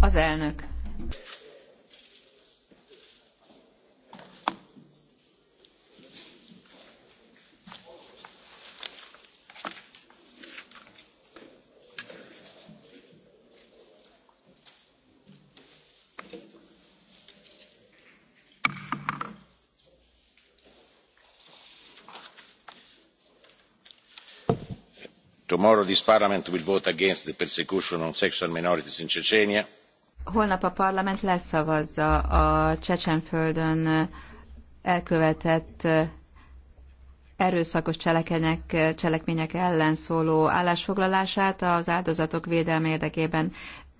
Az elnök. tomorrow this parliament will vote against the persecution on sexual minorities in chechnya. holnap a parlament leszavazza a csecsenföldön eh, elkövetett eh, erőszakos cselekmények, eh, cselekmények ellen szóló állásfoglalását az áldozatok védelme érdekében.